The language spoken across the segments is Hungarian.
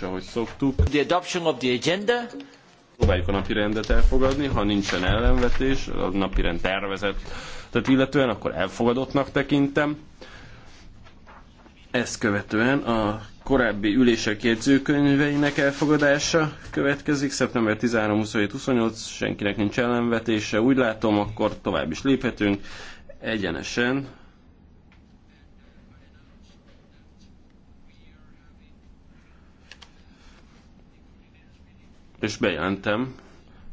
És ahogy szoktuk, the adoption of the agenda. próbáljuk a napi rendet elfogadni, ha nincsen ellenvetés, a napi rend tervezet, tehát illetően akkor elfogadottnak tekintem. Ezt követően a korábbi ülések jegyzőkönyveinek elfogadása következik. Szeptember 13, 27, 28, senkinek nincs ellenvetése, úgy látom, akkor tovább is léphetünk egyenesen és bejelentem,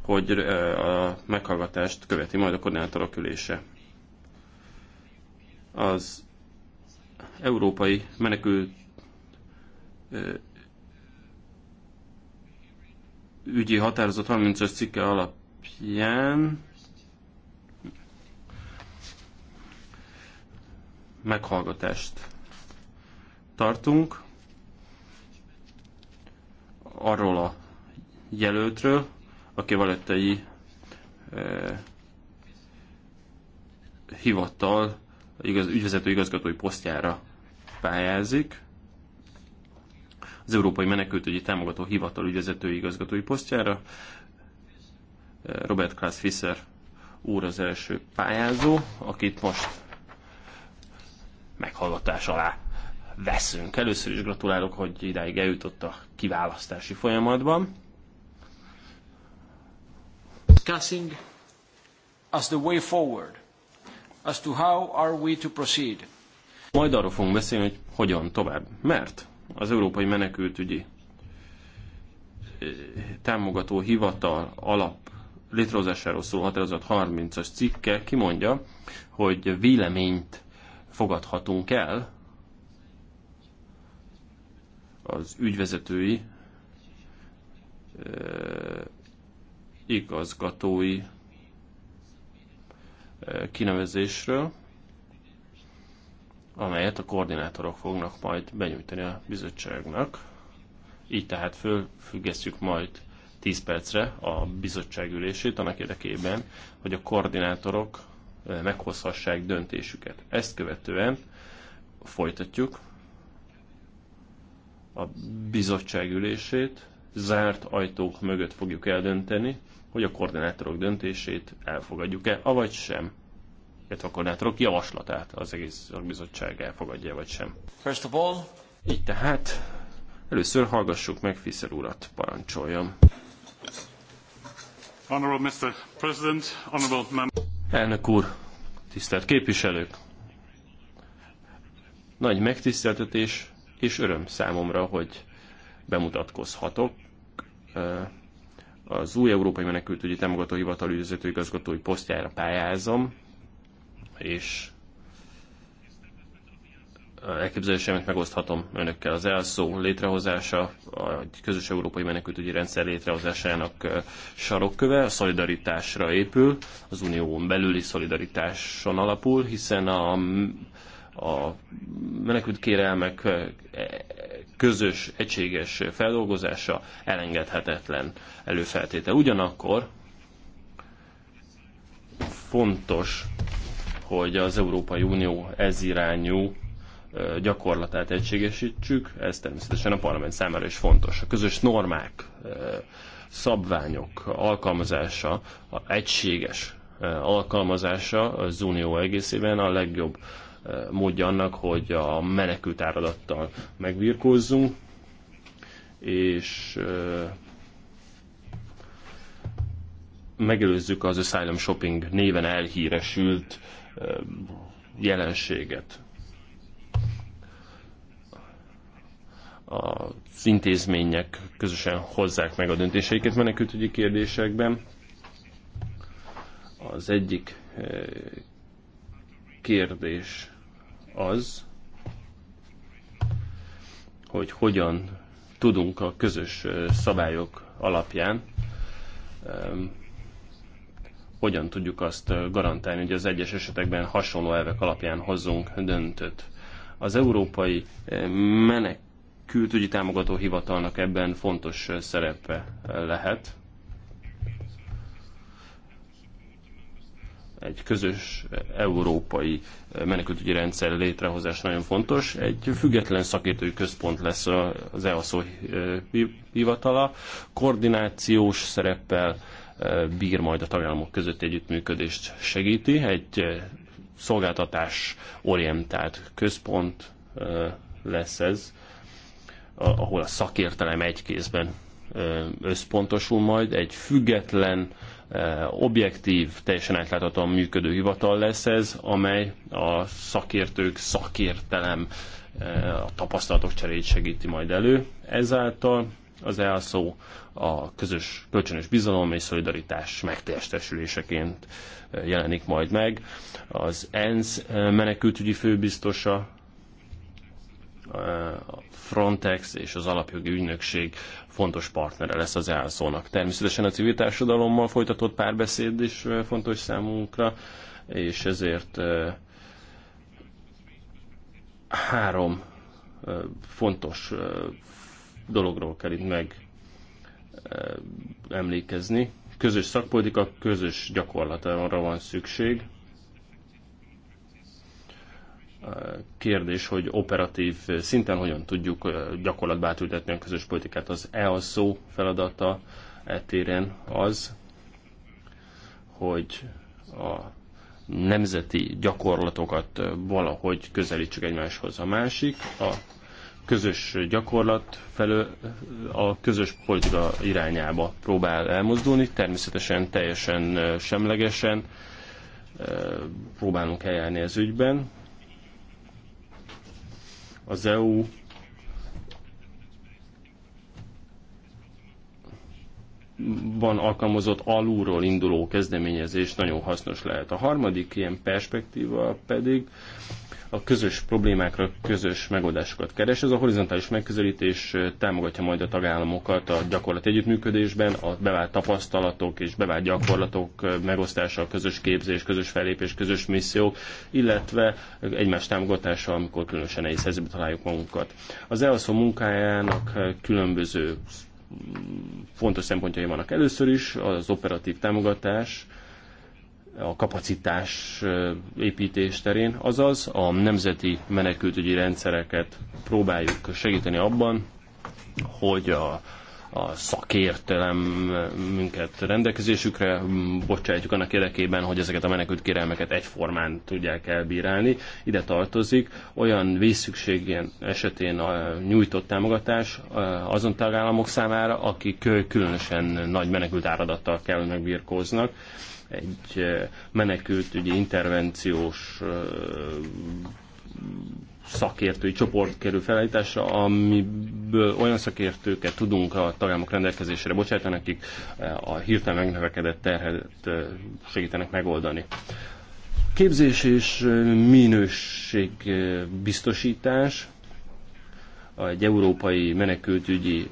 hogy a meghallgatást követi majd a koordinátorok ülése. Az európai menekült ügyi határozat 35 cikke alapján meghallgatást tartunk arról a jelöltről, aki valettei eh, hivatal igaz, ügyvezető igazgatói posztjára pályázik. Az Európai Menekültügyi Támogató Hivatal ügyvezető igazgatói posztjára e, Robert Klaas Fischer úr az első pályázó, akit most meghallgatás alá veszünk. Először is gratulálok, hogy idáig eljutott a kiválasztási folyamatban discussing as the way forward, as to how are we to proceed. Majd arról fogunk beszélni, hogy hogyan tovább. Mert az Európai Menekültügyi eh, Támogató Hivatal alap létrehozásáról szól, határozat 30-as cikke kimondja, hogy véleményt fogadhatunk el az ügyvezetői eh, igazgatói eh, kinevezésről, amelyet a koordinátorok fognak majd benyújtani a bizottságnak. Így tehát fölfüggesztjük majd 10 percre a bizottság ülését annak érdekében, hogy a koordinátorok eh, meghozhassák döntésüket. Ezt követően folytatjuk a bizottság ülését, zárt ajtók mögött fogjuk eldönteni, hogy a koordinátorok döntését elfogadjuk-e, avagy sem. Illetve a koordinátorok javaslatát az egész bizottság elfogadja, vagy sem. First of all... Így tehát először hallgassuk meg Fiszer urat, parancsoljam. Honorable Mr. President, honorable member. Elnök úr, tisztelt képviselők! Nagy megtiszteltetés és öröm számomra, hogy bemutatkozhatok az új Európai Menekültügyi Támogató Hivatal ügyvezető igazgatói posztjára pályázom, és elképzelésemet megoszthatom önökkel. Az elszó létrehozása, a közös európai menekültügyi rendszer létrehozásának sarokköve, a szolidaritásra épül, az unión belüli szolidaritáson alapul, hiszen a a menekült kérelmek közös, egységes feldolgozása elengedhetetlen előfeltétel. Ugyanakkor fontos, hogy az Európai Unió ez irányú gyakorlatát egységesítsük, ez természetesen a parlament számára is fontos. A közös normák, szabványok alkalmazása, a egységes alkalmazása az unió egészében a legjobb módja annak, hogy a menekült áradattal megbirkózzunk, és megelőzzük az asylum shopping néven elhíresült jelenséget. Az intézmények közösen hozzák meg a döntéseiket menekültügyi kérdésekben. Az egyik kérdés az, hogy hogyan tudunk a közös szabályok alapján hogyan tudjuk azt garantálni, hogy az egyes esetekben hasonló elvek alapján hozzunk döntött. Az Európai Menekültügyi Támogató Hivatalnak ebben fontos szerepe lehet. egy közös európai menekültügyi rendszer létrehozás nagyon fontos. Egy független szakértői központ lesz az EASZO hivatala, koordinációs szereppel e, bír majd a tagállamok között együttműködést segíti. Egy e, szolgáltatás orientált központ e, lesz ez, ahol a szakértelem egy kézben összpontosul majd, egy független Eh, objektív, teljesen átláthatóan működő hivatal lesz ez, amely a szakértők szakértelem, eh, a tapasztalatok cseréjét segíti majd elő. Ezáltal az elszó a közös kölcsönös bizalom és szolidaritás megtestesüléseként eh, jelenik majd meg. Az ENSZ menekültügyi főbiztosa a Frontex és az alapjogi ügynökség fontos partnere lesz az elszónak. Természetesen a civil társadalommal folytatott párbeszéd is fontos számunkra, és ezért három fontos dologról kell itt meg emlékezni. Közös szakpolitika, közös gyakorlatra van szükség, kérdés, hogy operatív szinten hogyan tudjuk gyakorlatba átültetni a közös politikát. Az EASZO feladata e téren az, hogy a nemzeti gyakorlatokat valahogy közelítsük egymáshoz. A másik, a közös gyakorlat felől a közös politika irányába próbál elmozdulni, természetesen teljesen semlegesen próbálunk eljárni ez ügyben, az EU van alkalmazott alulról induló kezdeményezés nagyon hasznos lehet. A harmadik ilyen perspektíva pedig a közös problémákra közös megoldásokat keres. Ez a horizontális megközelítés támogatja majd a tagállamokat a gyakorlat együttműködésben, a bevált tapasztalatok és bevált gyakorlatok megosztása, a közös képzés, közös fellépés, közös missziók, illetve egymás támogatása, amikor különösen nehéz helyzetbe találjuk magunkat. Az EASZO munkájának különböző fontos szempontjai vannak először is, az operatív támogatás, a kapacitás építés terén, azaz a nemzeti menekültügyi rendszereket próbáljuk segíteni abban, hogy a a szakértelemünket eh, rendelkezésükre mm, bocsájtjuk annak érdekében, hogy ezeket a menekült kérelmeket egyformán tudják elbírálni. Ide tartozik olyan vészszükségén esetén a eh, nyújtott támogatás eh, azon tagállamok számára, akik különösen nagy menekült áradattal kell, hogy megbirkóznak egy menekültügyi intervenciós szakértői csoport kerül felállításra, amiből olyan szakértőket tudunk a tagállamok rendelkezésére bocsájtani, akik eh, a hirtelen megnövekedett terhet eh, segítenek megoldani. Képzés és eh, minőség biztosítás, egy európai menekültügyi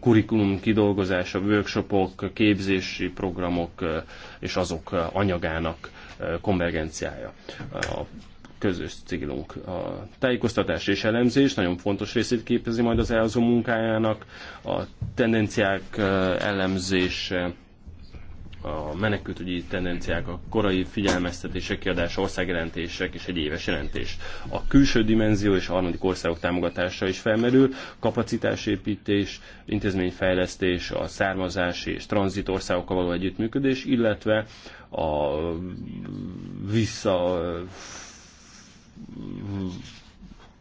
kurikulum kidolgozása, workshopok, képzési programok és azok anyagának konvergenciája. A közös célunk. A tájékoztatás és elemzés nagyon fontos részét képezi majd az EASO munkájának, a tendenciák elemzése, a menekültügyi tendenciák, a korai figyelmeztetések, kiadás, országjelentések és egy éves jelentés. A külső dimenzió és a harmadik országok támogatása is felmerül, kapacitásépítés, intézményfejlesztés, a származási és tranzit országokkal való együttműködés, illetve a vissza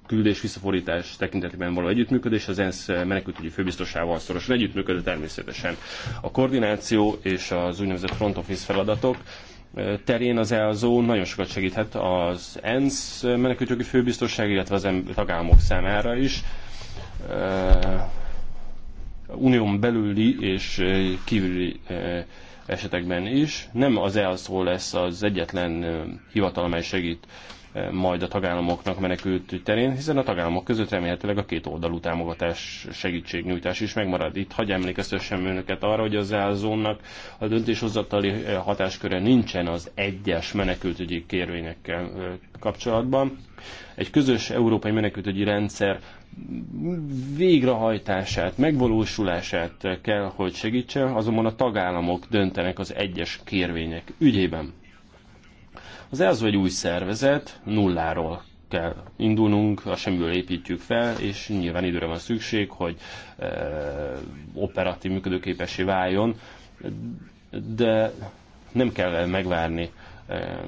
küldés visszafordítás tekintetében való együttműködés, az ENSZ menekültügyi főbiztosával szorosan együttműködő természetesen. A koordináció és az úgynevezett front office feladatok terén az EAZO nagyon sokat segíthet az ENSZ menekültügyi főbiztosság, illetve az tagállamok számára is. Unión belüli és kívüli esetekben is. Nem az EASZO lesz az egyetlen hivatal, amely segít majd a tagállamoknak menekültügy terén, hiszen a tagállamok között remélhetőleg a két oldalú támogatás segítségnyújtás is megmarad. Itt hagy emlékeztessem önöket arra, hogy az elzónnak a döntéshozatali eh, hatásköre nincsen az egyes menekültügyi kérvényekkel eh, kapcsolatban. Egy közös európai menekültügyi rendszer végrehajtását, megvalósulását kell, hogy segítse, azonban a tagállamok döntenek az egyes kérvények ügyében. Az EASO egy új szervezet, nulláról kell indulnunk, a semmiből építjük fel, és nyilván időre van szükség, hogy e, operatív működőképessé váljon, de nem kell megvárni e,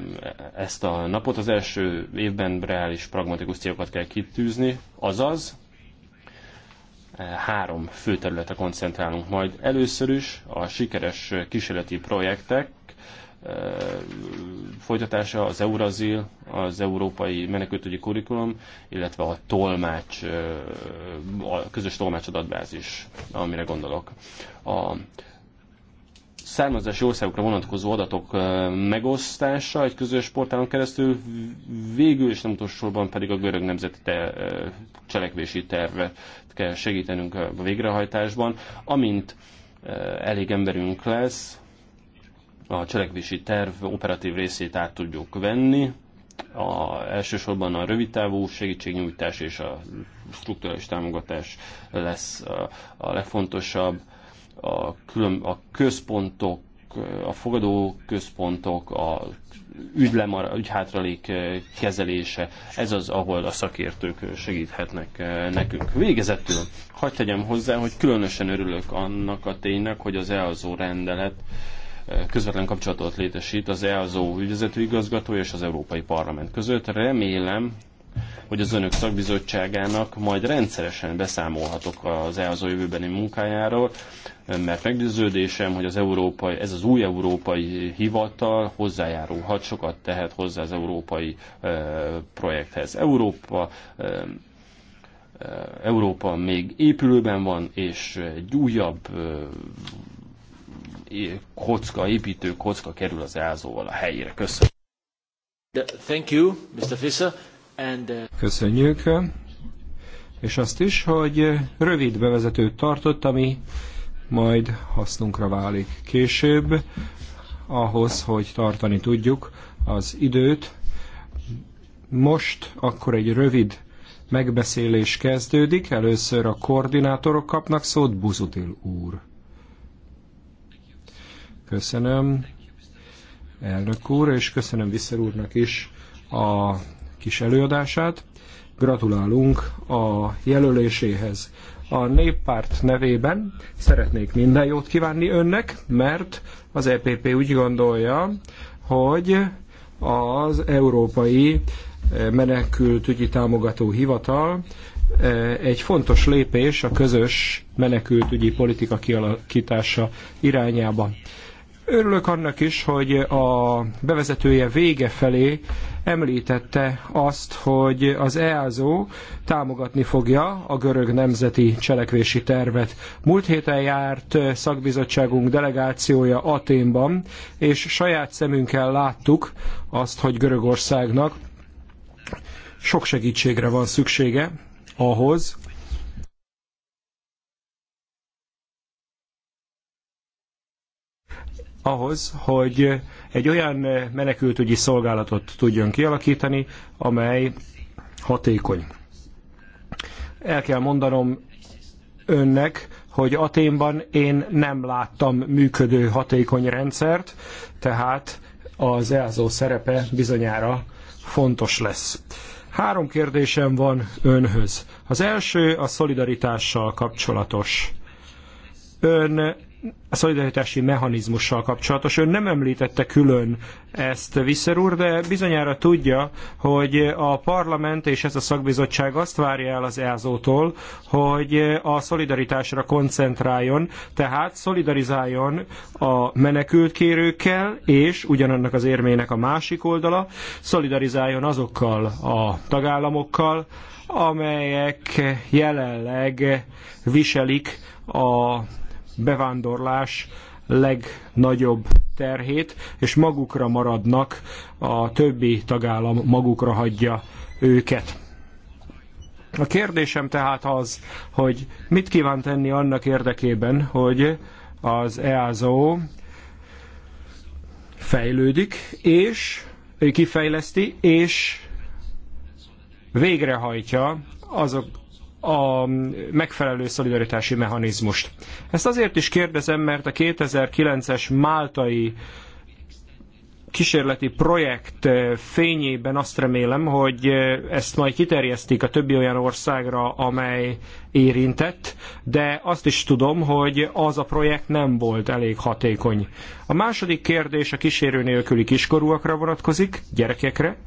ezt a napot. Az első évben reális, pragmatikus célokat kell kitűzni, azaz e, három fő területre koncentrálunk majd. Először is a sikeres kísérleti projektek, folytatása, az Eurazil, az Európai Menekültügyi Kurikulum, illetve a tolmács, a közös tolmácsadatbázis, amire gondolok. A származási országokra vonatkozó adatok megosztása egy közös portálon keresztül, végül és nem utolsóban pedig a görög nemzeti te, cselekvési tervet kell segítenünk a végrehajtásban, amint elég emberünk lesz, a cselekvési terv operatív részét át tudjuk venni. A, elsősorban a rövidtávú segítségnyújtás és a strukturális támogatás lesz a, a legfontosabb. A, külön, a központok, a fogadó központok, a ügylemar, ügyhátralék kezelése, ez az, ahol a szakértők segíthetnek nekünk. Végezetül, hagyd tegyem hozzá, hogy különösen örülök annak a ténynek, hogy az EASO rendelet közvetlen kapcsolatot létesít az EASO ügyvezető igazgató és az Európai Parlament között. Remélem, hogy az önök szakbizottságának majd rendszeresen beszámolhatok az EASO jövőbeni munkájáról, mert meggyőződésem, hogy az európai, ez az új európai hivatal hozzájárulhat, sokat tehet hozzá az európai projekthez. Európa Európa még épülőben van, és egy újabb kocka, építő kocka kerül az elzóval a helyére. Köszönöm. Thank you, Mr. Fischer. And, uh... Köszönjük. És azt is, hogy rövid bevezetőt tartott, ami majd hasznunkra válik később, ahhoz, hogy tartani tudjuk az időt. Most akkor egy rövid megbeszélés kezdődik. Először a koordinátorok kapnak szót, Buzutil úr. Köszönöm, elnök úr, és köszönöm Visszer úrnak is a kis előadását. Gratulálunk a jelöléséhez. A néppárt nevében szeretnék minden jót kívánni önnek, mert az EPP úgy gondolja, hogy az Európai Menekültügyi Támogató Hivatal e, egy fontos lépés a közös menekültügyi politika kialakítása irányába. Örülök annak is, hogy a bevezetője vége felé említette azt, hogy az EASO támogatni fogja a görög nemzeti cselekvési tervet. Múlt héten járt szakbizottságunk delegációja Aténban, és saját szemünkkel láttuk azt, hogy Görögországnak sok segítségre van szüksége ahhoz, ahhoz, hogy egy olyan menekültügyi szolgálatot tudjon kialakítani, amely hatékony. El kell mondanom önnek, hogy Aténban én nem láttam működő hatékony rendszert, tehát az elzó szerepe bizonyára fontos lesz. Három kérdésem van önhöz. Az első a szolidaritással kapcsolatos. Ön a szolidaritási mechanizmussal kapcsolatos. Ön nem említette külön ezt, Viszer úr, de bizonyára tudja, hogy a parlament és ez a szakbizottság azt várja el az EASO-tól, hogy a szolidaritásra koncentráljon, tehát szolidarizáljon a menekültkérőkkel, és ugyanannak az érmének a másik oldala, szolidarizáljon azokkal a tagállamokkal, amelyek jelenleg viselik a bevándorlás legnagyobb terhét, és magukra maradnak, a többi tagállam magukra hagyja őket. A kérdésem tehát az, hogy mit kíván tenni annak érdekében, hogy az EASO fejlődik, és kifejleszti, és végrehajtja azok a megfelelő szolidaritási mechanizmust. Ezt azért is kérdezem, mert a 2009-es máltai kísérleti projekt fényében azt remélem, hogy ezt majd kiterjesztik a többi olyan országra, amely érintett, de azt is tudom, hogy az a projekt nem volt elég hatékony. A második kérdés a kísérő nélküli kiskorúakra vonatkozik, gyerekekre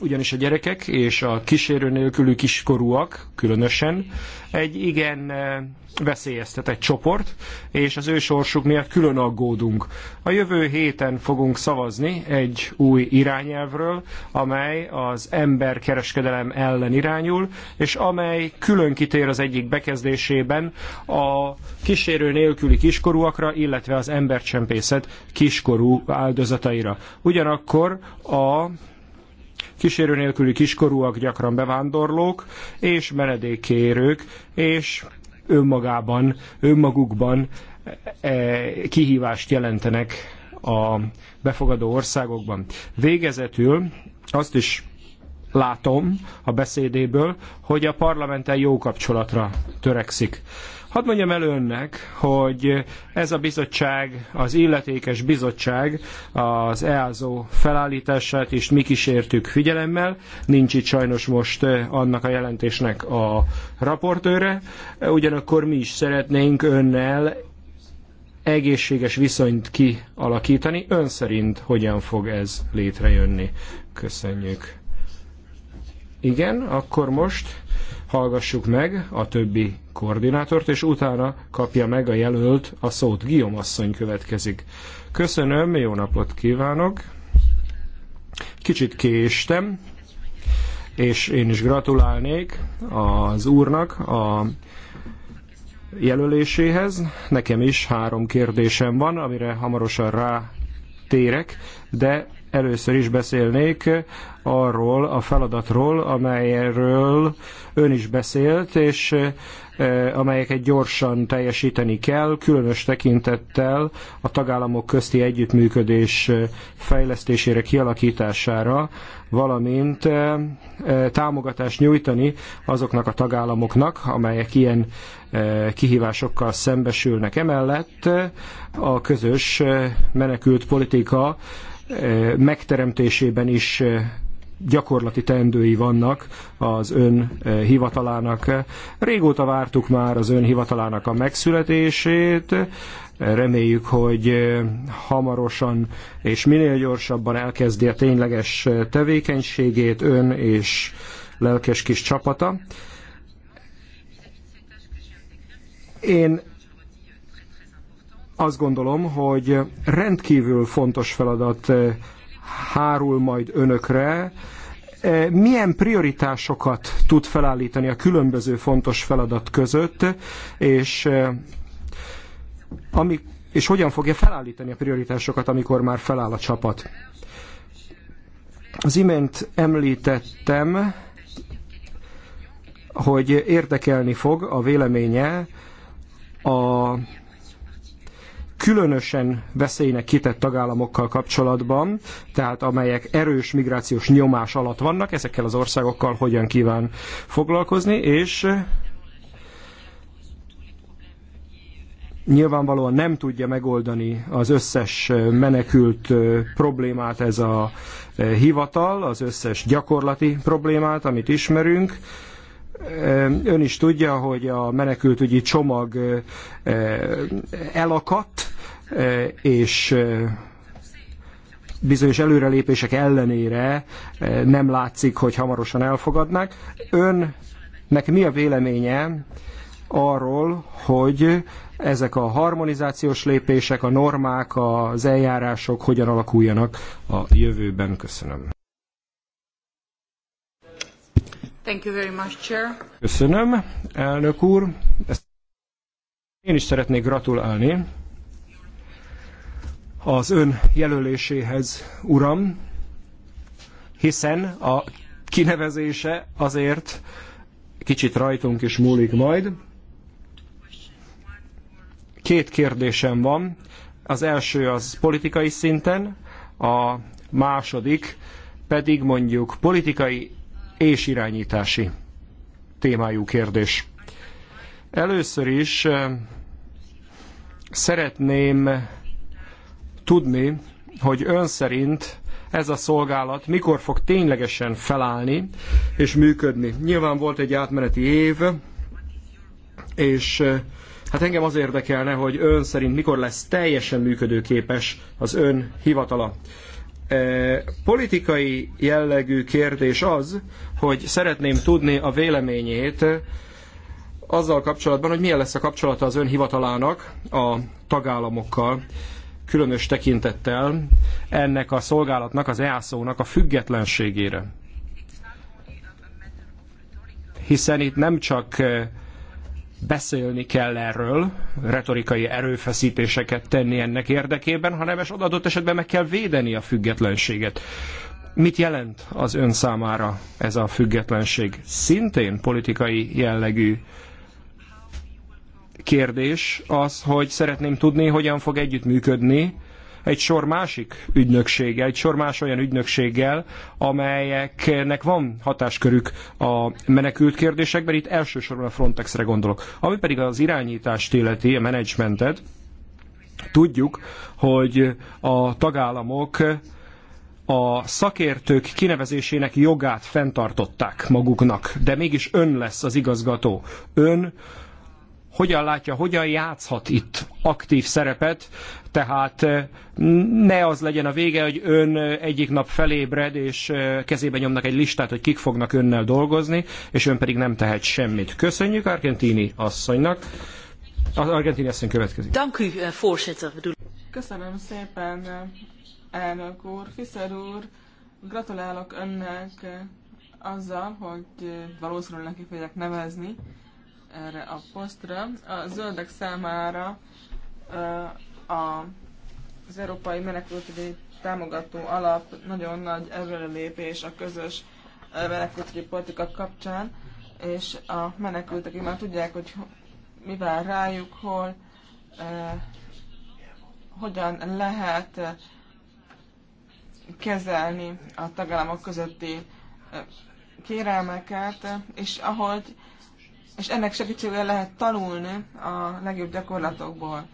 ugyanis a gyerekek és a kísérő nélkülű kiskorúak különösen egy igen eh, veszélyeztetett csoport, és az ő sorsuk miatt külön aggódunk. A jövő héten fogunk szavazni egy új irányelvről, amely az emberkereskedelem ellen irányul, és amely külön kitér az egyik bekezdésében a kísérő nélküli kiskorúakra, illetve az embercsempészet kiskorú áldozataira. Ugyanakkor a kísérő nélküli kiskorúak gyakran bevándorlók és menedékkérők, és önmagában, önmagukban e, kihívást jelentenek a befogadó országokban. Végezetül azt is látom a beszédéből, hogy a parlamenten jó kapcsolatra törekszik. Hadd mondjam el önnek, hogy ez a bizottság, az illetékes bizottság az EASO felállítását is mi kísértük figyelemmel. Nincs itt sajnos most eh, annak a jelentésnek a raportőre. Ugyanakkor mi is szeretnénk önnel egészséges viszonyt kialakítani. Ön szerint hogyan fog ez létrejönni? Köszönjük. Igen, akkor most hallgassuk meg a többi koordinátort, és utána kapja meg a jelölt a szót. Guillaume asszony következik. Köszönöm, jó napot kívánok! Kicsit késtem, és én is gratulálnék az úrnak a jelöléséhez. Nekem is három kérdésem van, amire hamarosan rátérek, de először is beszélnék arról a feladatról, amelyről ön is beszélt, és eh, amelyeket gyorsan teljesíteni kell, különös tekintettel a tagállamok közti együttműködés eh, fejlesztésére, kialakítására, valamint eh, támogatást nyújtani azoknak a tagállamoknak, amelyek ilyen kihívásokkal szembesülnek. Emellett a közös menekült politika megteremtésében is gyakorlati tendői vannak az ön eh, hivatalának. Régóta vártuk már az ön hivatalának a megszületését. Reméljük, hogy eh, hamarosan és minél gyorsabban elkezdi a tényleges eh, tevékenységét ön és lelkes kis csapata. Én azt gondolom, hogy rendkívül fontos feladat hárul majd önökre, e, milyen prioritásokat tud felállítani a különböző fontos feladat között, és, e, ami, és hogyan fogja felállítani a prioritásokat, amikor már feláll a csapat. Az imént említettem, hogy érdekelni fog a véleménye a különösen veszélynek kitett tagállamokkal kapcsolatban, tehát amelyek erős migrációs nyomás alatt vannak, ezekkel az országokkal hogyan kíván foglalkozni, és nyilvánvalóan nem tudja megoldani az összes menekült problémát ez a hivatal, az összes gyakorlati problémát, amit ismerünk, Ön is tudja, hogy a menekültügyi csomag elakadt, és bizonyos előrelépések ellenére nem látszik, hogy hamarosan elfogadnák. Önnek mi a véleménye arról, hogy ezek a harmonizációs lépések, a normák, az eljárások hogyan alakuljanak a jövőben? Köszönöm. Thank you very much, Chair. Köszönöm, elnök úr. Ezt én is szeretnék gratulálni az ön jelöléséhez, uram, hiszen a kinevezése azért kicsit rajtunk is múlik majd. Két kérdésem van. Az első az politikai szinten, a második pedig mondjuk politikai és irányítási témájú kérdés. Először is eh, szeretném tudni, hogy ön szerint ez a szolgálat mikor fog ténylegesen felállni és működni. Nyilván volt egy átmeneti év, és eh, hát engem az érdekelne, hogy ön szerint mikor lesz teljesen működőképes az ön hivatala. Politikai jellegű kérdés az, hogy szeretném tudni a véleményét azzal kapcsolatban, hogy milyen lesz a kapcsolata az ön hivatalának a tagállamokkal, különös tekintettel ennek a szolgálatnak, az EASO-nak a függetlenségére. Hiszen itt nem csak beszélni kell erről, retorikai erőfeszítéseket tenni ennek érdekében, hanem és adott esetben meg kell védeni a függetlenséget. Mit jelent az ön számára ez a függetlenség? Szintén politikai jellegű kérdés az, hogy szeretném tudni, hogyan fog együttműködni egy sor másik ügynökséggel, egy sor más olyan ügynökséggel, amelyeknek van hatáskörük a menekült kérdésekben, itt elsősorban a Frontexre gondolok. Ami pedig az irányítást illeti, a menedzsmentet, tudjuk, hogy a tagállamok a szakértők kinevezésének jogát fenntartották maguknak, de mégis ön lesz az igazgató. Ön hogyan látja, hogyan játszhat itt aktív szerepet, tehát eh, ne az legyen a vége, hogy ön eh, egyik nap felébred, és eh, kezébe nyomnak egy listát, hogy kik fognak önnel dolgozni, és ön pedig nem tehet semmit. Köszönjük Argentini asszonynak. Az Argentini asszony következik. Köszönöm szépen, elnök úr, Fiszer úr. Gratulálok önnek azzal, hogy valószínűleg neki fogják nevezni, erre a posztra. A zöldek számára a, az Európai Menekültügyi Támogató Alap nagyon nagy előrelépés a közös menekültügyi politika kapcsán, és a menekültek már tudják, hogy mi vár rájuk, hol, hogyan lehet kezelni a tagállamok közötti kérelmeket, és ahogy és ennek segítségével lehet tanulni a legjobb gyakorlatokból.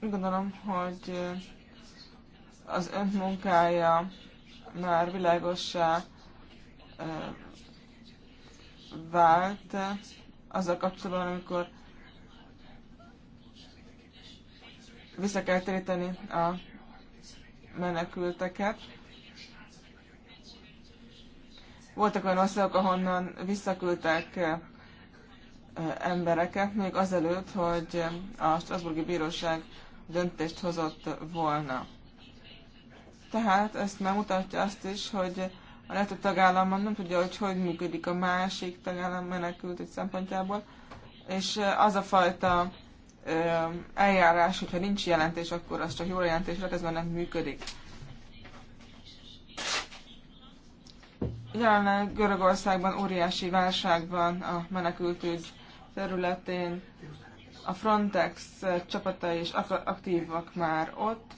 Gondolom, hogy eh, az ön munkája már világossá eh, vált azzal kapcsolatban, amikor vissza kell téríteni a menekülteket. Voltak olyan országok, ahonnan visszaküldtek embereket, még azelőtt, hogy a Strasburgi Bíróság döntést hozott volna. Tehát ezt már mutatja azt is, hogy a legtöbb tagállamban nem tudja, hogy hogy működik a másik tagállam egy szempontjából, és az a fajta eljárás, hogyha nincs jelentés, akkor az csak jó jelentés, hát ez már nem működik. Jelenleg Görögországban óriási válság van a menekültügy területén. A Frontex csapata is aktívak már ott.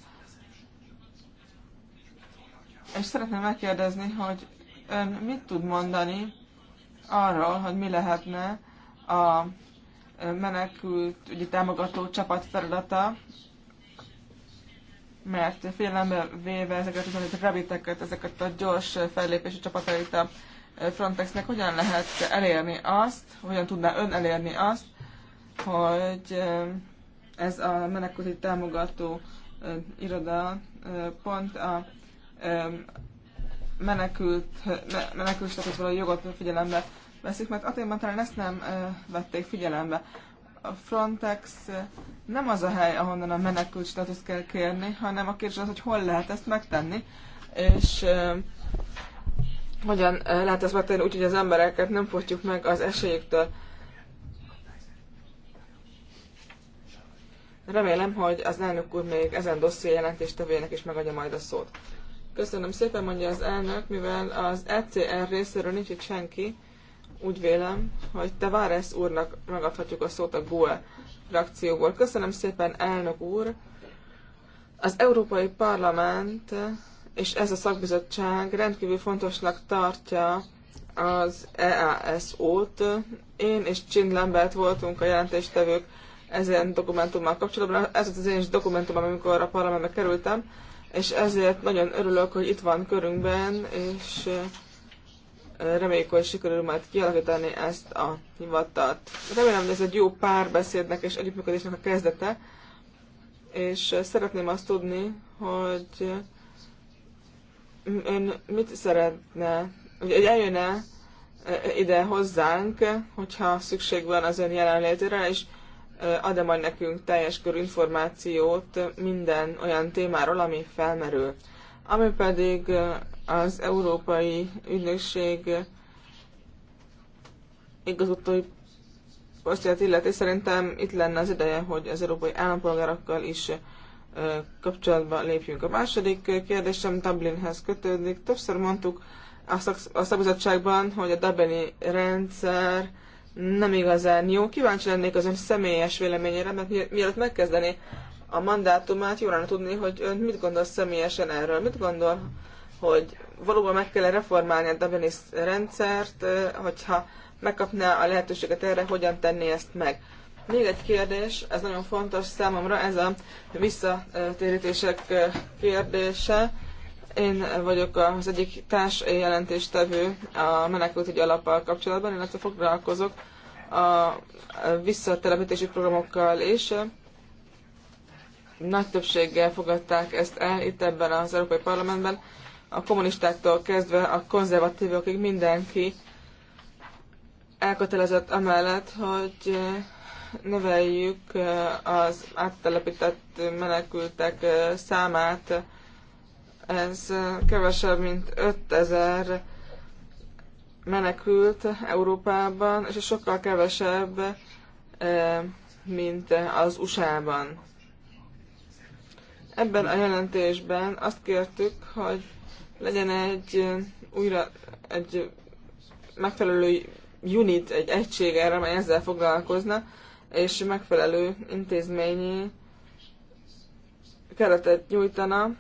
És szeretném megkérdezni, hogy ön mit tud mondani arról, hogy mi lehetne a menekült ügyi támogató csapat feladata mert félelembe véve ezeket az amit rabbiteket, ezeket a gyors fellépési csapatait a Frontexnek, hogyan lehet elérni azt, hogyan tudná ön elérni azt, hogy ez a menekülti támogató iroda pont a menekült, menekült való jogot figyelembe veszik, mert a témát talán ezt nem vették figyelembe a Frontex nem az a hely, ahonnan a menekült státuszt kell kérni, hanem a kérdés az, hogy hol lehet ezt megtenni, és hogyan lehet ezt megtenni úgy, hogy az embereket nem fogjuk meg az esélyüktől. Remélem, hogy az elnök úr még ezen dosszié jelentéstevőjének is megadja majd a szót. Köszönöm szépen, mondja az elnök, mivel az ECR részéről nincs itt senki, úgy vélem, hogy te Váresz úrnak megadhatjuk a szót a GUE frakcióból. Köszönöm szépen, elnök úr! Az Európai Parlament és ez a szakbizottság rendkívül fontosnak tartja az EASO-t. Én és Csin Lambert voltunk a jelentéstevők ezen dokumentummal kapcsolatban. Ez az én is dokumentumom, amikor a parlamentbe kerültem, és ezért nagyon örülök, hogy itt van körünkben, és Reméljük, hogy sikerül majd kialakítani ezt a hivatalt. Remélem, hogy ez egy jó párbeszédnek és együttműködésnek a kezdete, és szeretném azt tudni, hogy ön mit szeretne, hogy eljönne ide hozzánk, hogyha szükség van az ön jelenlétére, és ad-e majd nekünk teljes körű információt minden olyan témáról, ami felmerül. Ami pedig az Európai Ügynökség igazgatói posztját illeti, szerintem itt lenne az ideje, hogy az európai állampolgárokkal is kapcsolatba lépjünk. A második kérdésem Dublinhez kötődik. Többször mondtuk a, szak, a hogy a Dublini rendszer nem igazán jó. Kíváncsi lennék az ön személyes véleményére, mert mielőtt megkezdené a mandátumát, jó lenne tudni, hogy ön mit gondol személyesen erről. Mit gondol hogy valóban meg kell reformálni a Dublini rendszert, hogyha megkapná a lehetőséget erre, hogyan tenné ezt meg. Még egy kérdés, ez nagyon fontos számomra, ez a visszatérítések kérdése. Én vagyok az egyik társ jelentéstevő a menekültügyi alappal kapcsolatban, illetve foglalkozok a visszatelepítési programokkal és Nagy többséggel fogadták ezt el itt ebben az Európai Parlamentben a kommunistáktól kezdve a konzervatívokig mindenki elkötelezett amellett, hogy eh, növeljük eh, az áttelepített menekültek eh, számát. Ez kevesebb, mint 5000 menekült Európában, és sokkal kevesebb, mint az USA-ban. Ebben a jelentésben azt kértük, hogy legyen egy újra egy megfelelő unit, egy egység erre, amely ezzel foglalkozna, és megfelelő intézményi keretet nyújtana,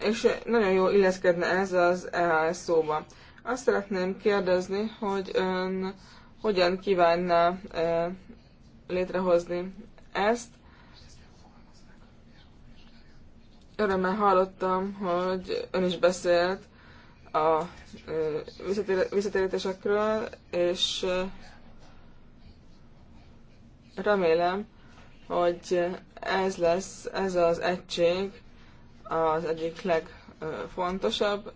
és nagyon jól illeszkedne ez az easz szóba. Azt szeretném kérdezni, hogy ön hogyan kívánna létrehozni ezt, örömmel hallottam, hogy ön is beszélt a visszatérítésekről, és remélem, hogy ez lesz, ez az egység az egyik legfontosabb,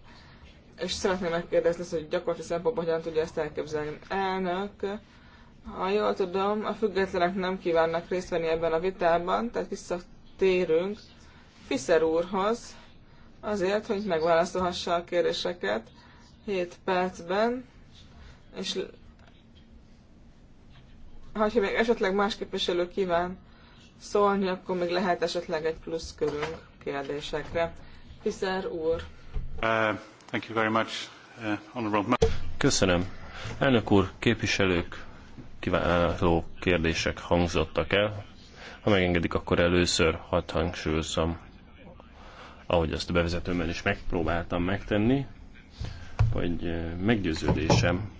és szeretném megkérdezni, hogy gyakorlati szempontból hogyan tudja ezt elképzelni. Elnök, ha jól tudom, a függetlenek nem kívánnak részt venni ebben a vitában, tehát visszatérünk Fiszer úrhoz, azért, hogy megválaszolhassa a kérdéseket 7 percben, és ha még esetleg más képviselő kíván szólni, akkor még lehet esetleg egy plusz körünk kérdésekre. Fiszer úr. Uh, thank you very much, uh, honorable. Köszönöm. Elnök úr, képviselők, kívánó kérdések hangzottak el. Ha megengedik, akkor először hadd hangsúlyozom ahogy azt a bevezetőmben is megpróbáltam megtenni, hogy eh, meggyőződésem,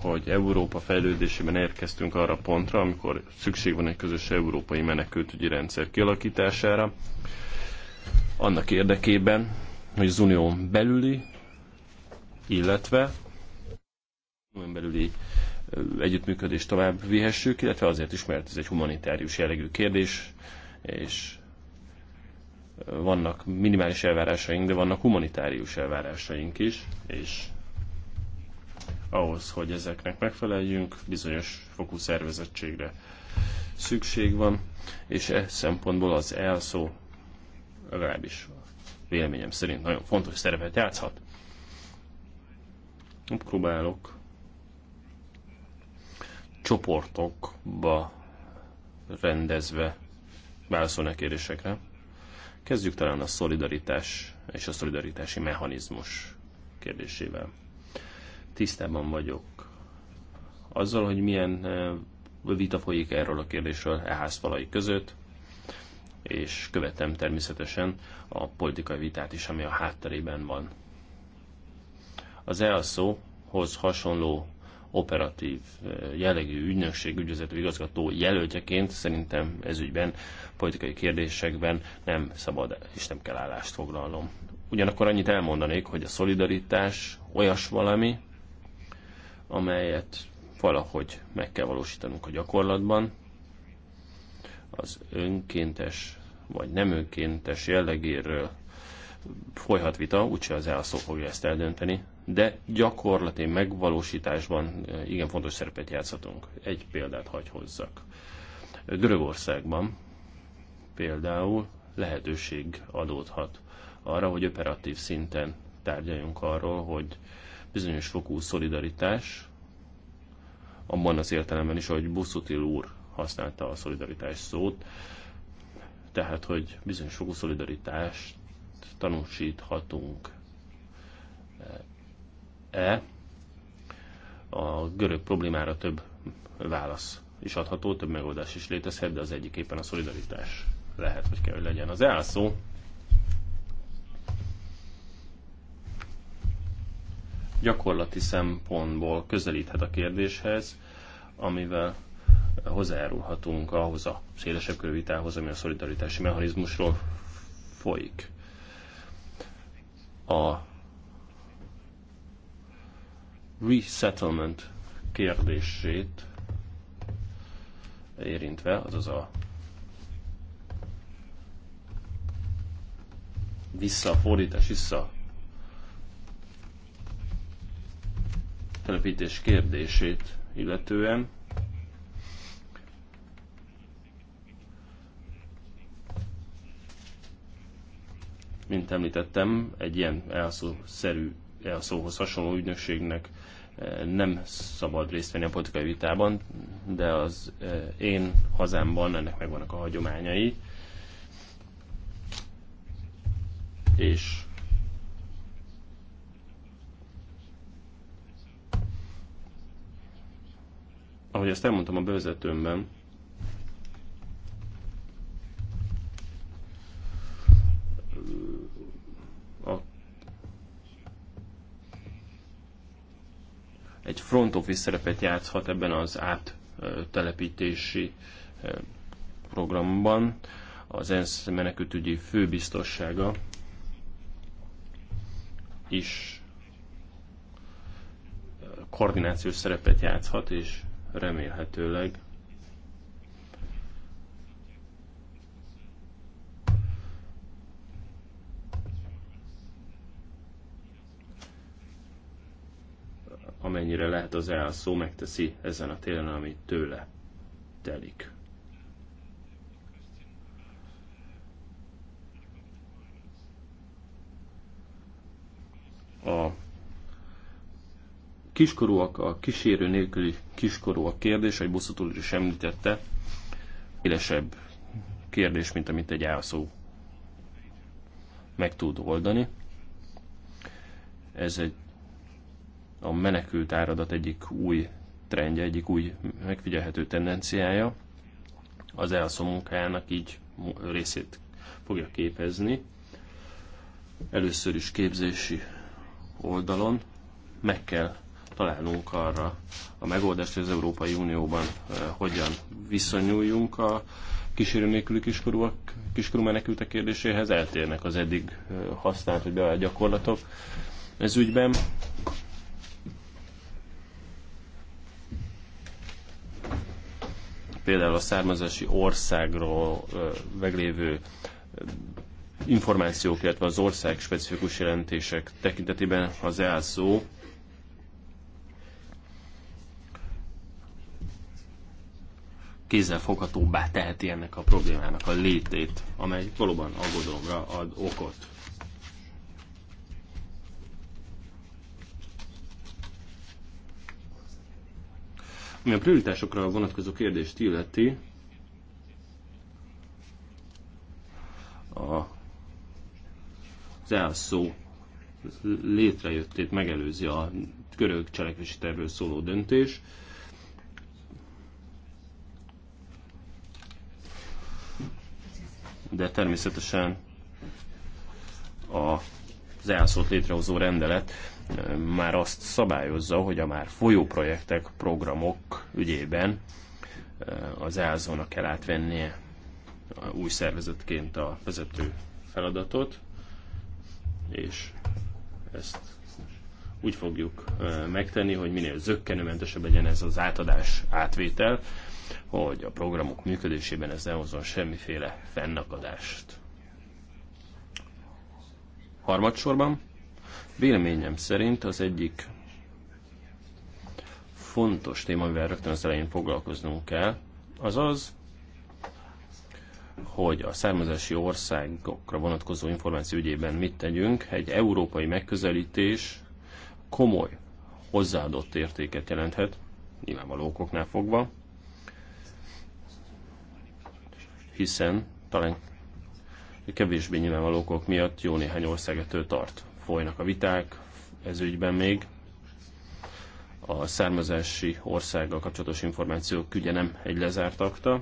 hogy Európa fejlődésében érkeztünk arra pontra, amikor szükség van egy közös európai menekültügyi rendszer kialakítására, annak érdekében, hogy az unión belüli, illetve unión belüli eh, együttműködést tovább vihessük, illetve azért is, mert ez egy humanitárius jellegű kérdés, és vannak minimális elvárásaink, de vannak humanitárius elvárásaink is, és ahhoz, hogy ezeknek megfeleljünk, bizonyos fokú szervezettségre szükség van, és e szempontból az elszó legalábbis véleményem szerint nagyon fontos szerepet játszhat. Próbálok csoportokba rendezve válaszolni a kérdésekre. Kezdjük talán a szolidaritás és a szolidaritási mechanizmus kérdésével. Tisztában vagyok azzal, hogy milyen e, vita folyik erről a kérdésről e házfalai között, és követem természetesen a politikai vitát is, ami a hátterében van. Az ELSZO-hoz hasonló operatív eh, jellegű ügynökség ügyvezető igazgató jelöltjeként szerintem ezügyben, politikai kérdésekben nem szabad és nem kell állást foglalnom. Ugyanakkor annyit elmondanék, hogy a szolidaritás olyas valami, amelyet valahogy meg kell valósítanunk a gyakorlatban. Az önkéntes vagy nem önkéntes jellegéről folyhat vita, úgyse az elszó fogja ezt eldönteni, de gyakorlati megvalósításban e, igen fontos szerepet játszhatunk. Egy példát hagy hozzak. Görögországban például lehetőség adódhat arra, hogy operatív szinten tárgyaljunk arról, hogy bizonyos fokú szolidaritás, abban az értelemben is, ahogy Buszutil úr használta a szolidaritás szót, tehát, hogy bizonyos fokú szolidaritást tanúsíthatunk e a görög problémára több válasz is adható, több megoldás is létezhet, de az egyik éppen a szolidaritás lehet, hogy kell, hogy legyen. Az elszó gyakorlati szempontból közelíthet a kérdéshez, amivel hozzájárulhatunk ahhoz a szélesebb körű vitához, ami a szolidaritási mechanizmusról folyik. A resettlement kérdését érintve, azaz a visszafordítás, vissza telepítés kérdését illetően. Mint említettem, egy ilyen elszó-szerű, elszóhoz hasonló ügynökségnek nem szabad részt venni a politikai vitában, de az eh, én hazámban ennek megvannak a hagyományai. És ahogy ezt elmondtam a bevezetőmben, egy front office szerepet játszhat ebben az áttelepítési eh, programban. Az ENSZ menekültügyi főbiztossága is eh, koordinációs szerepet játszhat, és remélhetőleg amennyire lehet az elszó megteszi ezen a téren, ami tőle telik. A kiskorúak, a kísérő nélküli kiskorúak kérdés, egy buszotul is említette, élesebb kérdés, mint amit egy elszó meg tud oldani. Ez egy a menekült áradat egyik új trendje, egyik új megfigyelhető tendenciája. Az ELSZO munkájának így részét fogja képezni. Először is képzési oldalon meg kell találnunk arra a megoldást, hogy az Európai Unióban eh, hogyan viszonyuljunk a kísérő nélküli kiskorúak, kiskorú menekültek kérdéséhez, eltérnek az eddig eh, használt vagy bevált gyakorlatok ez ügyben. például a származási országról meglévő információk, illetve az ország specifikus jelentések tekintetében az elszó kézzelfoghatóbbá teheti ennek a problémának a létét, amely valóban aggodalomra ad okot. Ami a prioritásokra vonatkozó kérdést illeti, a, az elszó létrejöttét megelőzi a görög cselekvési tervről szóló döntés. De természetesen a az elszólt létrehozó rendelet már azt szabályozza, hogy a már folyó projektek, programok ügyében az easz kell átvennie új szervezetként a vezető feladatot, és ezt úgy fogjuk megtenni, hogy minél zöggenőmentesebb legyen ez az átadás, átvétel, hogy a programok működésében ez ne hozzon semmiféle fennakadást. Harmadsorban véleményem szerint az egyik fontos téma, amivel rögtön az elején foglalkoznunk kell, az az, hogy a származási országokra vonatkozó információ ügyében mit tegyünk. Egy európai megközelítés komoly hozzáadott értéket jelenthet, nyilvánvaló okoknál fogva, hiszen talán kevésbé nyilvánvaló okok miatt jó néhány ország ettől tart. Folynak a viták ez ügyben még. A származási országgal kapcsolatos információk ügye nem egy lezárt akta,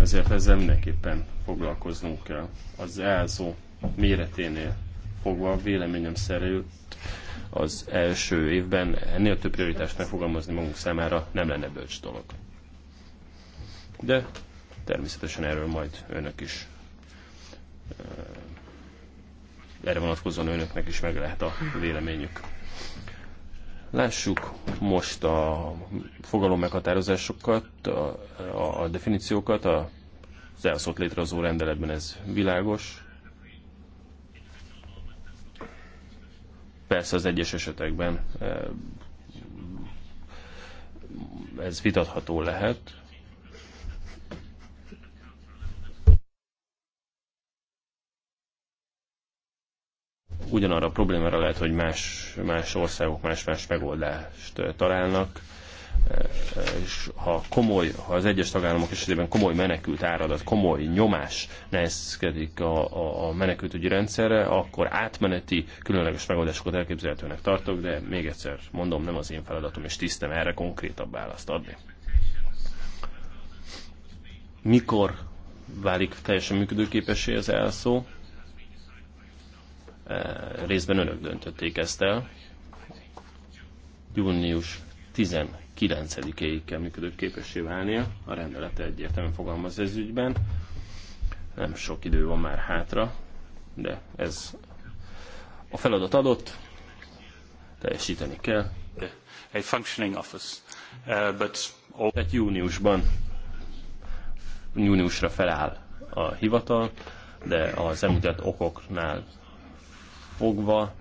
ezért ezzel mindenképpen foglalkoznunk kell. Az elzó méreténél fogva véleményem szerint az első évben ennél több prioritást megfogalmazni magunk számára nem lenne bölcs dolog. De Természetesen erről majd önök is erre vonatkozóan önöknek is meg lehet a véleményük. Lássuk most a fogalom meghatározásokat, a, a, a definíciókat, a, az elszólt létrehozó rendeletben ez világos. Persze az egyes esetekben ez vitatható lehet, ugyanarra a problémára lehet, hogy más, más országok más-más megoldást eh, találnak, eh, és ha komoly, ha az egyes tagállamok esetében komoly menekült áradat, komoly nyomás nehezkedik a, a, a menekültügyi rendszerre, akkor átmeneti, különleges megoldásokat elképzelhetőnek tartok, de még egyszer mondom, nem az én feladatom és tisztem erre konkrétabb választ adni. Mikor válik teljesen működőképessé az elszó? részben önök döntötték ezt el. Június 19-éig kell működő képessé válnia. A rendelete egyértelműen fogalmaz ez ügyben. Nem sok idő van már hátra, de ez a feladat adott, teljesíteni kell. Egy functioning office, uh, but all... Egy júniusban, júniusra feláll a hivatal, de az említett okoknál fogva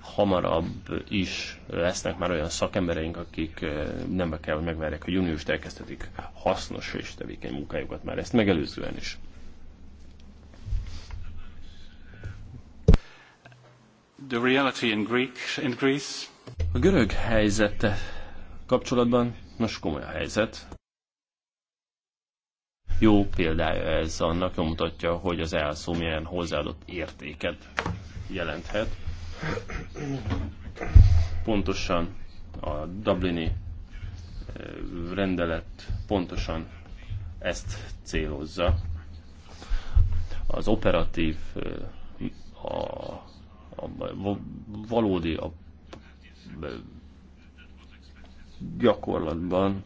hamarabb is lesznek már olyan szakembereink, akik eh, nem be kell, hogy megvárják, hogy júniust elkezdhetik hasznos és tevékeny munkájukat már ezt megelőzően is. The reality in, Greek, in Greece. A görög helyzete kapcsolatban, nos komoly a helyzet. Jó példája ez annak, jól mutatja, hogy az elszó milyen hozzáadott értéket jelenthet. Pontosan a Dublini eh, rendelet pontosan ezt célozza. Az operatív, eh, a, a, a valódi a, eh, gyakorlatban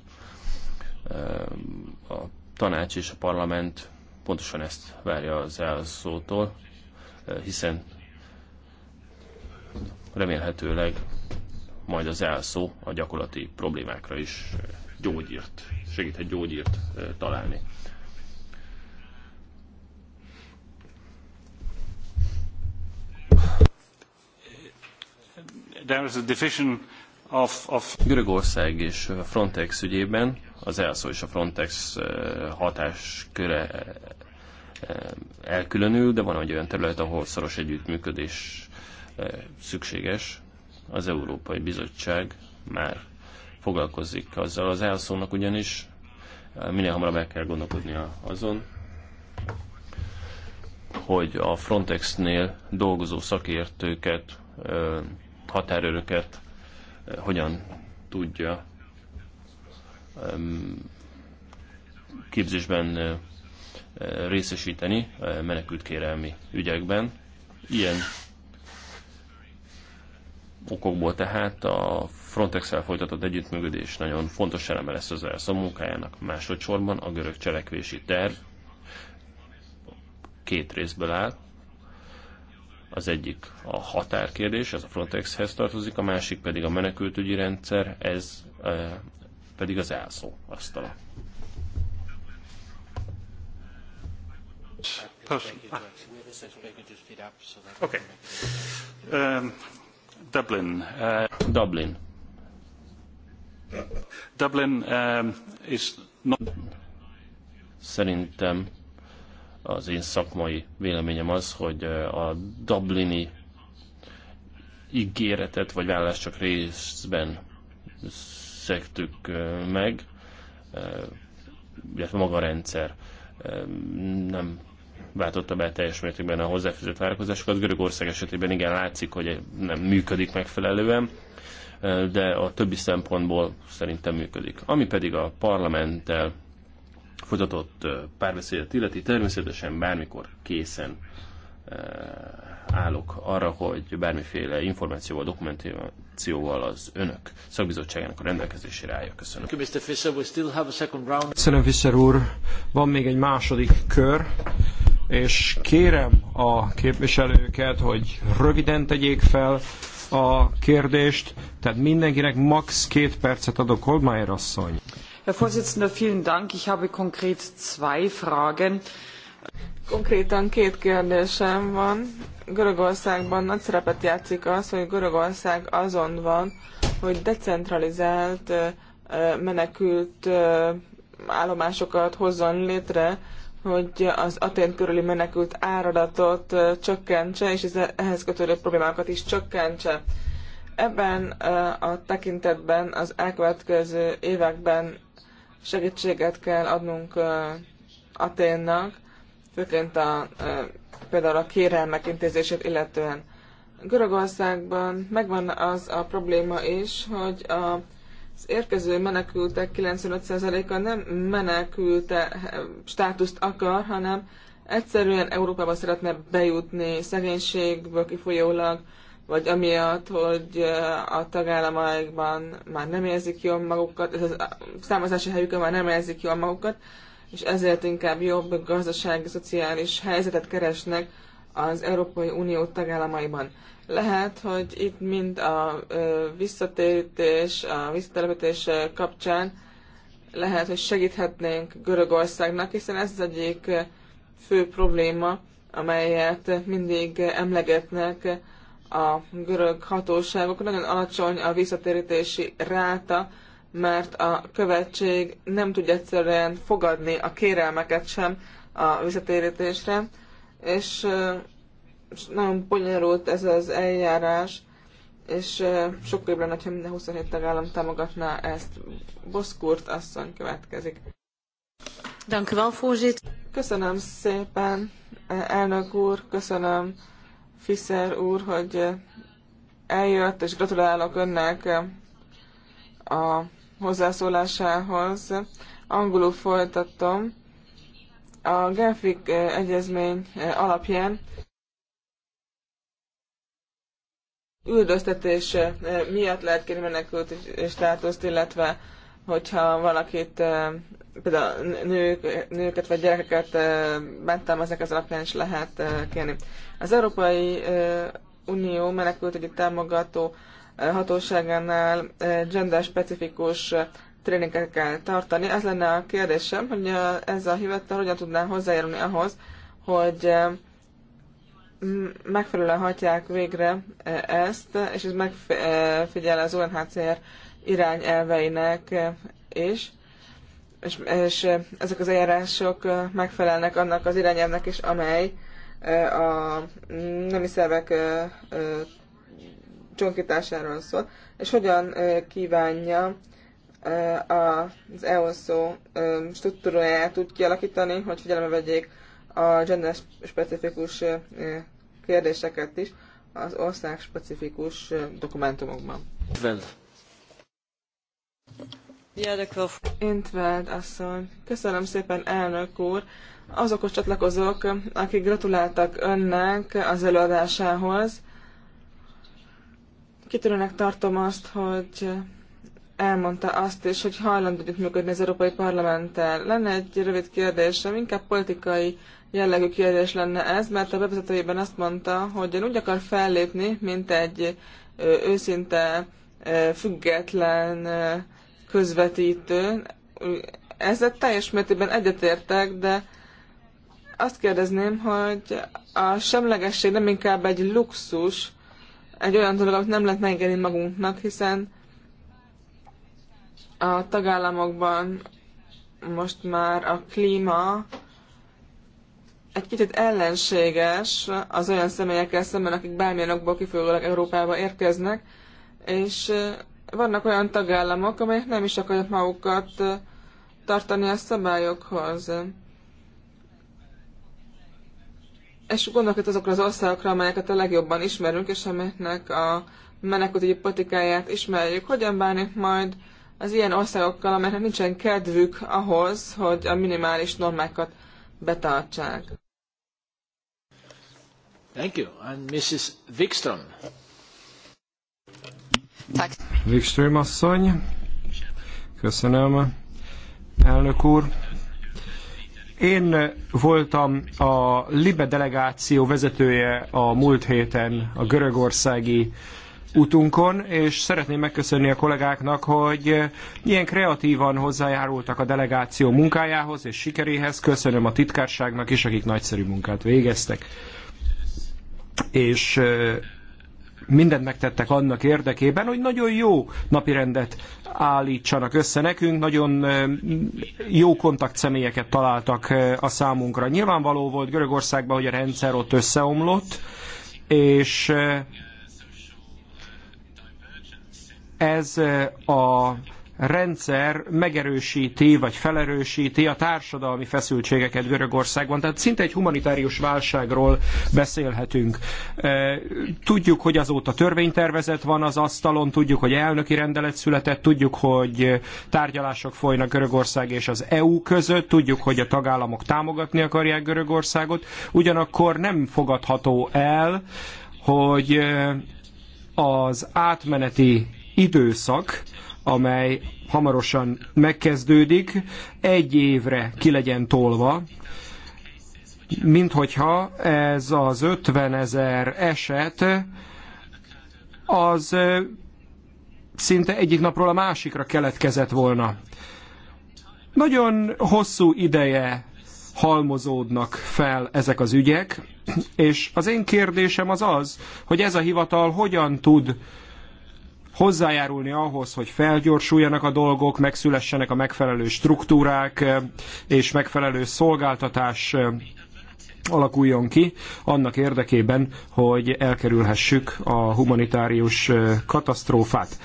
a tanács és a parlament pontosan ezt várja az elszótól, hiszen remélhetőleg majd az elszó a gyakorlati problémákra is eh, gyógyírt, segíthet gyógyírt eh, találni. There is a division of, of... Görögország és Frontex ügyében az elszó és a Frontex eh, hatásköre elkülönül, de van egy olyan terület, ahol szoros együttműködés Eh, szükséges. Az Európai Bizottság már foglalkozik azzal az elszónak, ugyanis eh, minél hamarabb el kell gondolkodnia azon, hogy a Frontexnél dolgozó szakértőket, eh, határőröket hogyan tudja képzésben részesíteni menekültkérelmi ügyekben. Ilyen okokból tehát a frontex folytatott együttműködés nagyon fontos eleme lesz az ELSZA munkájának. Másodszorban a görög cselekvési terv két részből áll. Az egyik a határkérdés, ez a Frontexhez tartozik, a másik pedig a menekültügyi rendszer, ez e, pedig az elszó asztala. Okay. Um, Uh, Dublin. Dublin. Dublin uh, is not... Szerintem az én szakmai véleményem az, hogy uh, a Dublini ígéretet vagy vállalást csak részben szektük meg, illetve maga a rendszer nem váltotta be teljes mértékben a hozzáfűzött várakozásokat. Görögország esetében igen látszik, hogy nem működik megfelelően, de a többi szempontból szerintem működik. Ami pedig a parlamenttel folytatott párbeszédet illeti, természetesen bármikor készen állok arra, hogy bármiféle információval, dokumentációval az önök szakbizottságának a rendelkezésére állja. Köszönöm. Köszönöm, Fischer úr. Van még egy második kör és kérem a képviselőket, hogy röviden tegyék fel a kérdést, tehát mindenkinek max. két percet adok, Holmeier asszony. Herr Vorsitzender, vielen Dank. Ich habe konkret zwei Fragen. Konkrétan két kérdésem van. Görögországban nagy szerepet játszik az, hogy Görögország azon van, hogy decentralizált menekült állomásokat hozzon létre, hogy az Atén körüli menekült áradatot csökkentse, és ehhez kötődő problémákat is csökkentse. Ebben a tekintetben az elkövetkező években segítséget kell adnunk Aténnak, főként a, például a kérelmek intézését illetően. Görögországban megvan az a probléma is, hogy a az érkező menekültek 95%-a nem menekülte eh, státuszt akar, hanem egyszerűen Európába szeretne bejutni szegénységből kifolyólag, vagy amiatt, hogy eh, a tagállamaikban már nem érzik jól magukat, ez a számozási helyükön már nem érzik jól magukat, és ezért inkább jobb gazdasági, szociális helyzetet keresnek az Európai Unió tagállamaiban. Lehet, hogy itt mind a visszatérítés, a visszatelepítés kapcsán lehet, hogy segíthetnénk Görögországnak, hiszen ez az egyik fő probléma, amelyet mindig emlegetnek a görög hatóságok. Nagyon alacsony a visszatérítési ráta, mert a követség nem tudja egyszerűen fogadni a kérelmeket sem a visszatérítésre, és nagyon bonyolult ez az eljárás, és sokkal jobb lenne, ha minden 27 tagállam támogatná ezt. Boszkurt asszony következik. Köszönöm szépen, elnök úr, köszönöm Fiszer úr, hogy eljött, és gratulálok önnek a hozzászólásához. Angolul folytatom. A Genfik egyezmény alapján üldöztetés eh, miatt lehet kérni menekült státuszt, illetve hogyha valakit, eh, például nők, nőket vagy gyerekeket eh, bántalmaznak, az alapján is lehet kérni. Az Európai Unió egy támogató hatóságánál gender-specifikus tréningeket kell tartani. Ez lenne a kérdésem, hogy ez a hivatal hogyan tudná hozzájárulni ahhoz, hogy megfelelően hajtják végre e, ezt, és ez megfigyel az UNHCR irányelveinek e, is, és, és ezek az eljárások megfelelnek annak az irányelvnek is, amely e, a nemi szervek csonkításáról szól, és hogyan kívánja az EOSZO struktúráját úgy kialakítani, hogy figyelembe vegyék a gender specifikus kérdéseket is az ország specifikus dokumentumokban. Én Tveld asszony. Köszönöm szépen, elnök úr. Azokhoz csatlakozok, akik gratuláltak önnek az előadásához. Kitörőnek tartom azt, hogy elmondta azt is, hogy hajlandó működni az Európai Parlamenttel. Lenne egy rövid kérdésem, inkább politikai jellegű kérdés lenne ez, mert a bevezetőjében azt mondta, hogy ön úgy akar fellépni, mint egy őszinte független közvetítő. Ezzel teljes mértékben egyetértek, de azt kérdezném, hogy a semlegesség nem inkább egy luxus, egy olyan dolog, amit nem lehet megengedni magunknak, hiszen a tagállamokban most már a klíma egy kicsit ellenséges az olyan személyekkel szemben, akik bármilyen okból kifolyólag Európába érkeznek, és vannak olyan tagállamok, amelyek nem is akarják magukat tartani a szabályokhoz. És gondolok azokra az országokra, amelyeket a legjobban ismerünk, és amelyeknek a menekültügyi politikáját ismerjük. Hogyan bánik majd az ilyen országokkal, amelyeknek nincsen kedvük ahhoz, hogy a minimális normákat betartsák. Thank you. And Mrs. Wikström. Wikström asszony. Köszönöm. Elnök úr. Én voltam a Libe delegáció vezetője a múlt héten a görögországi utunkon, és szeretném megköszönni a kollégáknak, hogy ilyen kreatívan hozzájárultak a delegáció munkájához és sikeréhez. Köszönöm a titkárságnak is, akik nagyszerű munkát végeztek. És mindent megtettek annak érdekében, hogy nagyon jó napirendet állítsanak össze nekünk, nagyon jó kontakt személyeket találtak a számunkra. Nyilvánvaló volt Görögországban, hogy a rendszer ott összeomlott, és ez a rendszer megerősíti vagy felerősíti a társadalmi feszültségeket Görögországban. Tehát szinte egy humanitárius válságról beszélhetünk. Tudjuk, hogy azóta törvénytervezet van az asztalon, tudjuk, hogy elnöki rendelet született, tudjuk, hogy tárgyalások folynak Görögország és az EU között, tudjuk, hogy a tagállamok támogatni akarják Görögországot, ugyanakkor nem fogadható el, hogy az átmeneti időszak, amely hamarosan megkezdődik, egy évre ki legyen tolva, minthogyha ez az 50 ezer eset az szinte egyik napról a másikra keletkezett volna. Nagyon hosszú ideje halmozódnak fel ezek az ügyek, és az én kérdésem az az, hogy ez a hivatal hogyan tud hozzájárulni ahhoz, hogy felgyorsuljanak a dolgok, megszülessenek a megfelelő struktúrák eh, és megfelelő szolgáltatás eh, alakuljon ki annak érdekében, hogy elkerülhessük a humanitárius eh, katasztrófát.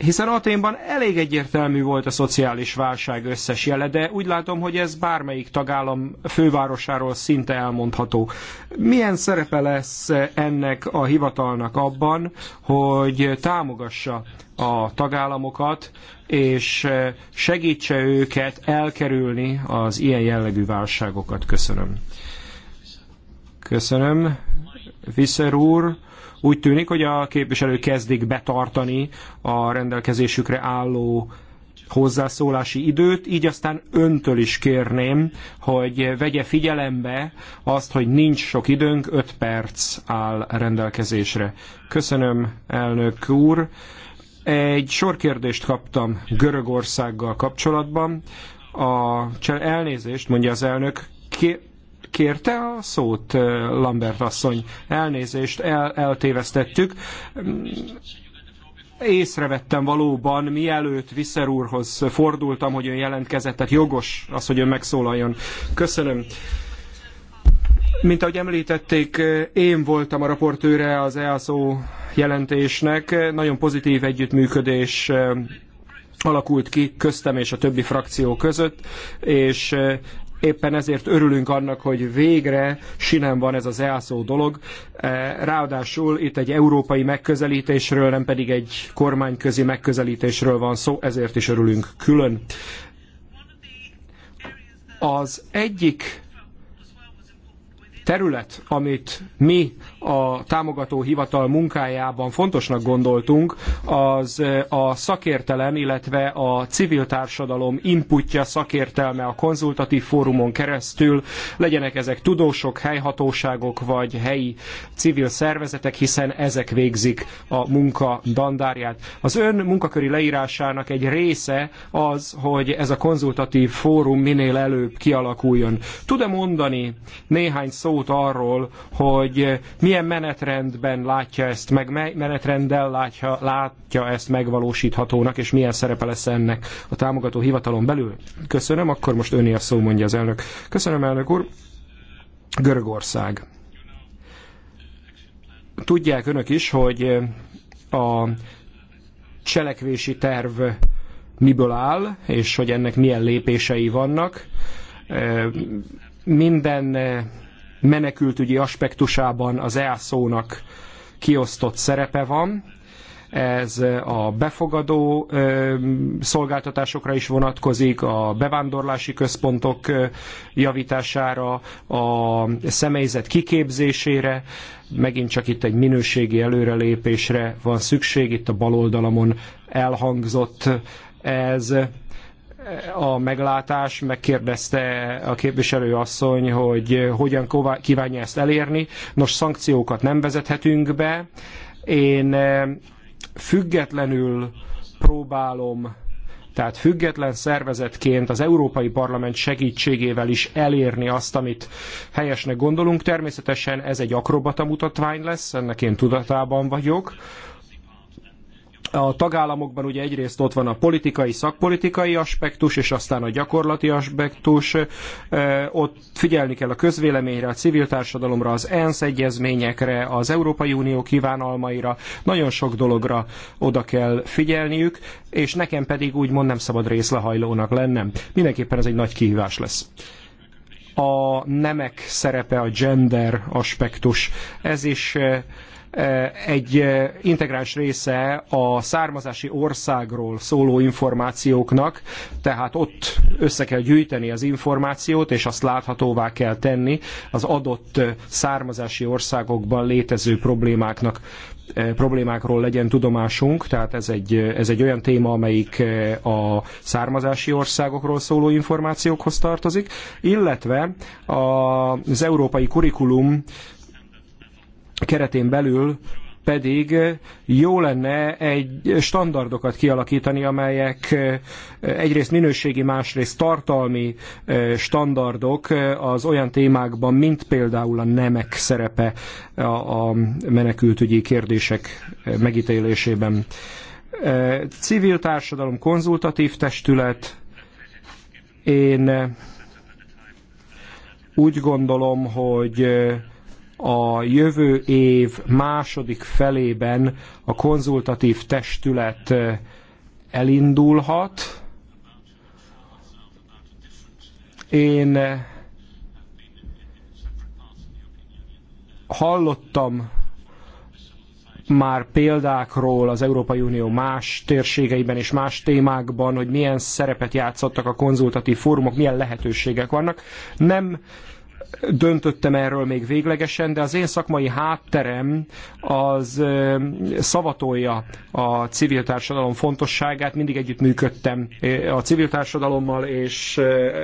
Hiszen Aténban elég egyértelmű volt a szociális válság összes jele, de úgy látom, hogy ez bármelyik tagállam fővárosáról szinte elmondható. Milyen szerepe lesz ennek a hivatalnak abban, hogy támogassa a tagállamokat, és segítse őket elkerülni az ilyen jellegű válságokat? Köszönöm. Köszönöm. Viszer úr, úgy tűnik, hogy a képviselők kezdik betartani a rendelkezésükre álló hozzászólási időt, így aztán öntől is kérném, hogy vegye figyelembe azt, hogy nincs sok időnk, 5 perc áll rendelkezésre. Köszönöm, elnök úr. Egy sor kérdést kaptam Görögországgal kapcsolatban. A elnézést, mondja az elnök, ké kérte a szót Lambert asszony. Elnézést, el, eltévesztettük. Mm, észrevettem valóban, mielőtt Viszer úrhoz fordultam, hogy ön jelentkezett, tehát jogos az, hogy ön megszólaljon. Köszönöm. Mint ahogy említették, én voltam a raportőre az EASO jelentésnek. Nagyon pozitív együttműködés alakult ki köztem és a többi frakció között, és Éppen ezért örülünk annak, hogy végre sinem van ez az elszó dolog. E, ráadásul itt egy európai megközelítésről, nem pedig egy kormányközi megközelítésről van szó, ezért is örülünk külön. Az egyik terület, amit mi a támogató hivatal munkájában fontosnak gondoltunk, az a szakértelem, illetve a civil társadalom inputja, szakértelme a konzultatív fórumon keresztül, legyenek ezek tudósok, helyhatóságok vagy helyi civil szervezetek, hiszen ezek végzik a munka dandárját. Az ön munkaköri leírásának egy része az, hogy ez a konzultatív fórum minél előbb kialakuljon. Tud-e mondani néhány szót arról, hogy mi milyen menetrendben látja ezt meg, mely menetrenddel látja, látja ezt megvalósíthatónak, és milyen szerepe lesz ennek a támogató hivatalon belül? Köszönöm, akkor most öné a szó, mondja az elnök. Köszönöm, elnök úr. Görögország. Tudják önök is, hogy a cselekvési terv miből áll, és hogy ennek milyen lépései vannak. Minden menekültügyi aspektusában az EASZ-nak kiosztott szerepe van, ez a befogadó szolgáltatásokra is vonatkozik, a bevándorlási központok javítására, a személyzet kiképzésére, megint csak itt egy minőségi előrelépésre van szükség, itt a baloldalamon elhangzott ez a meglátás, megkérdezte a képviselő asszony, hogy hogyan kívánja ezt elérni. Nos, szankciókat nem vezethetünk be. Én eh, függetlenül próbálom tehát független szervezetként az Európai Parlament segítségével is elérni azt, amit helyesnek gondolunk. Természetesen ez egy akrobata mutatvány lesz, ennek én tudatában vagyok a tagállamokban ugye egyrészt ott van a politikai, szakpolitikai aspektus, és aztán a gyakorlati aspektus. Ott figyelni kell a közvéleményre, a civil társadalomra, az ENSZ egyezményekre, az Európai Unió kívánalmaira. Nagyon sok dologra oda kell figyelniük, és nekem pedig úgymond nem szabad részlehajlónak lennem. Mindenképpen ez egy nagy kihívás lesz a nemek szerepe, a gender aspektus. Ez is Eh, egy eh, integráns része a származási országról szóló információknak, tehát ott össze kell gyűjteni az információt, és azt láthatóvá kell tenni az adott eh, származási országokban létező problémáknak problémákról legyen tudomásunk, tehát ez egy, ez egy olyan téma, amelyik a származási országokról szóló információkhoz tartozik, illetve az európai kurikulum keretén belül pedig jó lenne egy standardokat kialakítani, amelyek egyrészt minőségi, másrészt tartalmi standardok az olyan témákban, mint például a nemek szerepe a menekültügyi kérdések megítélésében. Civil társadalom konzultatív testület, én úgy gondolom, hogy a jövő év második felében a konzultatív testület eh, elindulhat. Én eh, hallottam már példákról az Európai Unió más térségeiben és más témákban, hogy milyen szerepet játszottak a konzultatív fórumok, milyen lehetőségek vannak. Nem döntöttem erről még véglegesen, de az én szakmai hátterem az szavatolja a civil társadalom fontosságát. Mindig együtt működtem a civil társadalommal, és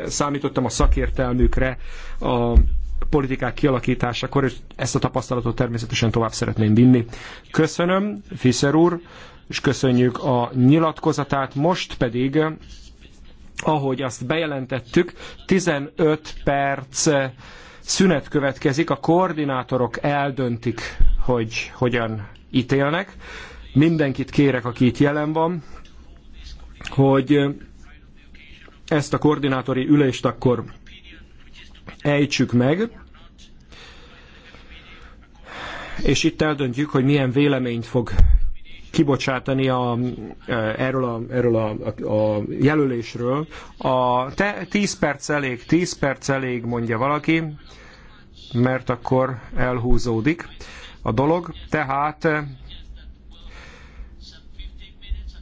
számítottam a szakértelmükre a politikák kialakításakor, és ezt a tapasztalatot természetesen tovább szeretném vinni. Köszönöm, Fischer úr, és köszönjük a nyilatkozatát. Most pedig ahogy azt bejelentettük, 15 perc szünet következik, a koordinátorok eldöntik, hogy hogyan ítélnek. Mindenkit kérek, aki itt jelen van, hogy ezt a koordinátori ülést akkor ejtsük meg, és itt eldöntjük, hogy milyen véleményt fog kibocsátani a, e, erről, a, erről a, a, a jelölésről. A te, 10 perc elég, 10 perc elég, mondja valaki, mert akkor elhúzódik a dolog. Tehát e,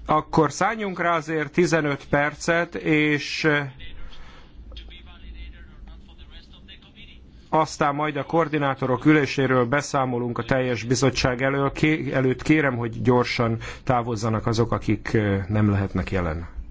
akkor szálljunk rá azért 15 percet, és e, aztán majd a koordinátorok üléséről beszámolunk a teljes bizottság előtt. Kérem, hogy gyorsan távozzanak azok, akik nem lehetnek jelen.